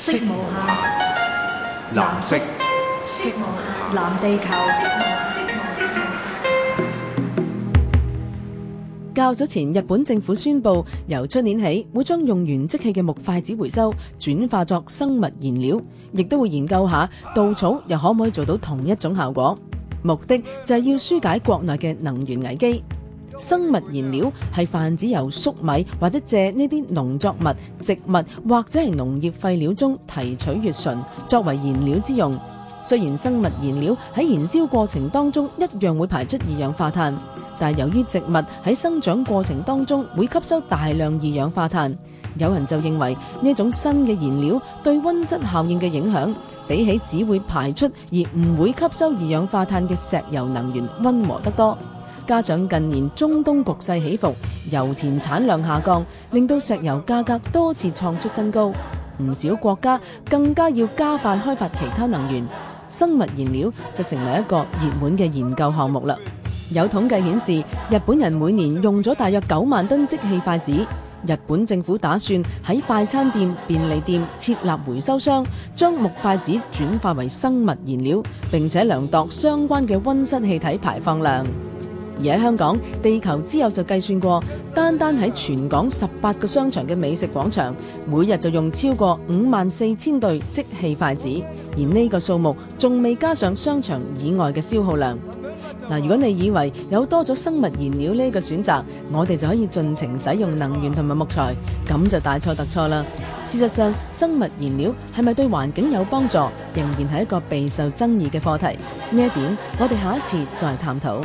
色無限，藍色。藍地球。較早前，日本政府宣布，由出年起會將用完即棄嘅木筷子回收，轉化作生物燃料，亦都會研究下稻草又可唔可以做到同一種效果。目的就係要疏解國內嘅能源危機。生物燃料係泛指由粟米或者借呢啲農作物、植物或者係農業廢料中提取乙醇，作為燃料之用。雖然生物燃料喺燃燒過程當中一樣會排出二氧化碳，但係由於植物喺生長過程當中會吸收大量二氧化碳，有人就認為呢種新嘅燃料對溫室效應嘅影響，比起只會排出而唔會吸收二氧化碳嘅石油能源溫和得多。加上近年中東局勢起伏，油田產量下降，令到石油價格多次創出新高。唔少國家更加要加快開發其他能源，生物燃料就成為一個熱門嘅研究項目啦。有統計顯示，日本人每年用咗大約九萬噸即棄筷子。日本政府打算喺快餐店、便利店設立回收箱，將木筷子轉化為生物燃料，並且量度相關嘅溫室氣體排放量。而喺香港，地球之友就計算過，單單喺全港十八個商場嘅美食廣場，每日就用超過五萬四千對即棄筷子，而呢個數目仲未加上商場以外嘅消耗量。嗱，如果你以為有多咗生物燃料呢個選擇，我哋就可以盡情使用能源同埋木材，咁就大錯特錯啦。事實上，生物燃料係咪對環境有幫助，仍然係一個備受爭議嘅課題。呢一點，我哋下一次再探討。